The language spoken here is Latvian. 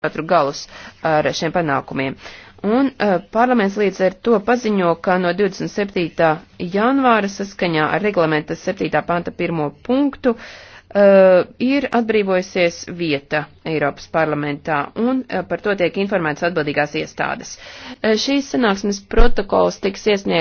katru galus ar šiem panākumiem. Un uh, parlaments līdz ar to paziņo, ka no 27. janvāra saskaņā ar reglamenta 7. panta 1. punktu uh, ir atbrīvojusies vieta Eiropas parlamentā, un uh, par to tiek informētas atbildīgās iestādes. Uh, šīs sanāksmes protokols tiks iesniegts.